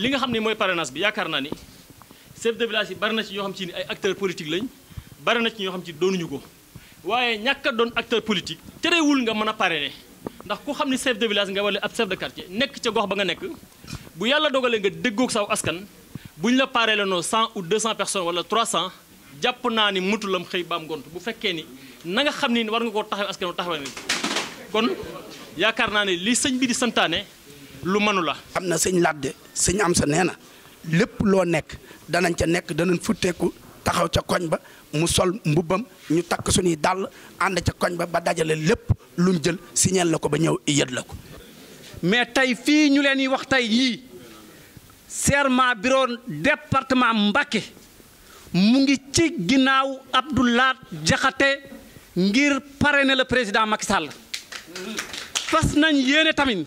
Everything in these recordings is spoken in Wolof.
li nga xam ne mooy parrainage bi yaakaar naa ni chef de village yi bari na ci ñoo xam ci ni ay acteurs politiques lañ bari na ci ñoo xam ci doonuñu ko waaye ñàkk a doon acteur politique terewul nga mën a parrainer ndax ku xam ni chef de village nga wala ab chef de quartier nekk ca gox ba nga nekk bu yàlla dogalee nga déggoog saw askan bu ñu la paree lanoo 100 ou 200 personnes wala 300 jàpp naa ni mutulam xëy baam ngont bu fekkee ni na nga xam ni war nga koo taxaw askan wu taxawee yaakaar naa ne li sëñ bi di santaane lu mënu la. am na sëñ Ladde sëñ am sa nee na lépp loo nekk danañ ca nekk danañ futteeku taxaw ca koñ ba mu sol mbubbam ñu takk suñuy dàll ànd ca koñ ba ba dajalee lépp luñ jël signal la ko ba ñëw yët la ko. mais tey fii ñu leen yi wax tey yii serment bureau département Mbacké mu ngi ci ginnaaw Abdou Lahad Diakhaté ngir parrainer la président Macky Sall fas nañ yéene tamit.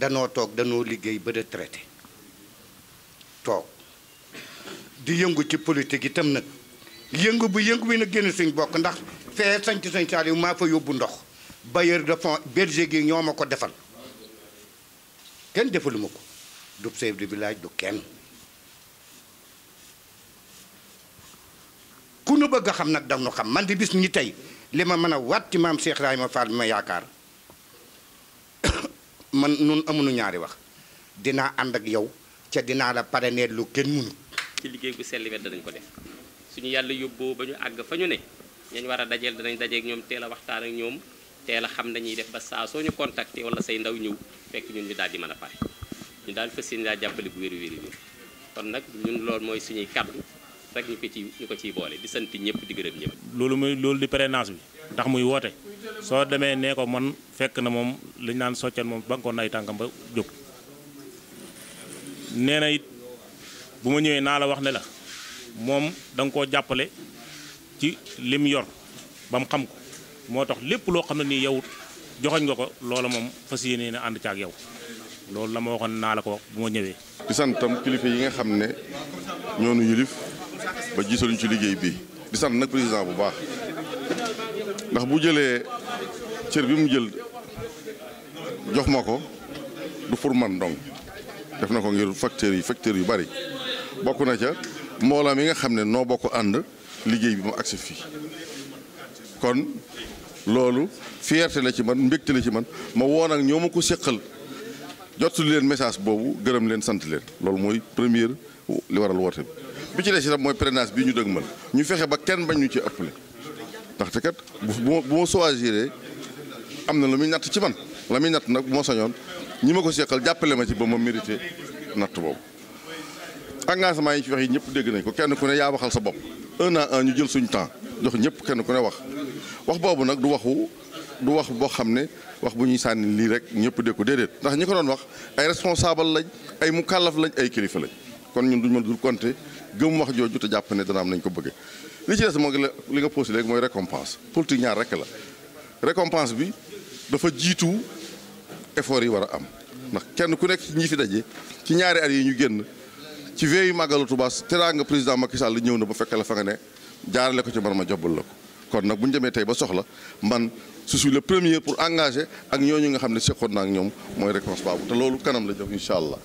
danoo toog danoo liggéey ba traité toog di yëngu ci politique tam nag yëngu bu yëngu bi nag génn suñ bokk ndax fee sañ ci sañ Saliou maa fa yóbbu ndox bailleur de fonds berger gi ñoo ma ko defal kenn defaluma ko du chef de village du kenn ku nu bëgg xam nag daf nu xam man di bis ñi tey li ma mën a waat ci maam Cheikh Ibrahima Fall ma yaakaar man nun amuñu ñaari wax dinaa ànd ak yow ca dinaa la pare parrainer lu kenn mënu ci liggéey bu sell bi danañ ko def suñu yàlla yóbboo ba ñu àgg fa ñu ne ñañ war a dajeel danañ dajeek ñoom teela waxtaan ak ñoom teel a xam nañuy def ba saa soo ñu contacté wala say ndaw ñëw fekk ñun ñu daal di mën a pare ñu daal fas yéene daal jàppale bu wéri wéri kon nag ñun loolu mooy suñuy kàddu rek ñu ko ci ñu ko ciy boole di santi ñëpp di gërëm ñëpp loolu mooy loolu di parrainage bi ndax muy woote soo demee nee ko man fekk na moom lañ naan soccet moom bankoon na ay tànkam ba jóg nee na it bu ma ñëwee naa la wax ne la moom danga nga koo jàppale ci lim yor ba xam ko moo tax lépp loo xam ne nii yow joxoñ nga ko loola moom fas yéene na ànd caag yow loolu la ma waxoon naa la ko wax bu ma ñëwee. di sant tam kilifa yi nga xam ne ñoo nu yilif ba gisaluñ ci liggéey bi di sant nag président bu baax. ndax bu jëlee cër bi mu jël jox ma ko du pour man donc def na ko ngir facteurs yi facteurs yu bari bokk na ca mbooloo mi nga xam ne noo bokk ànd liggéey bi mu agsi fii kon loolu fierté la ci man mbégte la ci man ma woon ak ñoo ma ko séqal jotu leen message boobu gërëm leen sant leen loolu mooy premiere li waral woote bi bi ci si itam mooy prénance bi ñu dëgmal ñu fexe ba kenn bañ ñu ci ëppale ndaxte kat bu bu ma choisiree am na lu muy natt ci man la muy natt nag bu ma soñoon ñi ma ko seqal jàppale ma ci ba ma mérité natt boobu. engagement yi ci wax yi ñëpp dégg nañ ko kenn ku ne yaa waxal sa bopp un à ñu jël suñu temps jox ñëpp kenn ku ne wax wax boobu nag du waxu du wax boo xam ne wax bu ñuy sànni lii rek ñëpp dégg ko déedéet ndax ñi ko doon wax ay responsable lañ ay mukallaf lañ ay kilifa lañ kon ñun duñ dul compter. gëm wax jooju te jàpp ne dana am nañ ko bëgge li ci des moo ngi la li nga posé léegi mooy récompense politique ñaar rek la récompense bi dafa jiitu effort yi war a am ndax kenn ku nekk ci ñi fi daje ci ñaari at yi ñu génn ci veeyu màggalu Tuubaa teraanga président Macky Sall ñëw na ba fekk la fa nga ne jaarale ko ci man ma jobbal la ko kon nag bu ñu demee tey ba soxla man je suis le premier pour engager ak ñooñu nga xam ne seqoon naa ak ñoom mooy récompense baabu te loolu kanam la jox incha allah.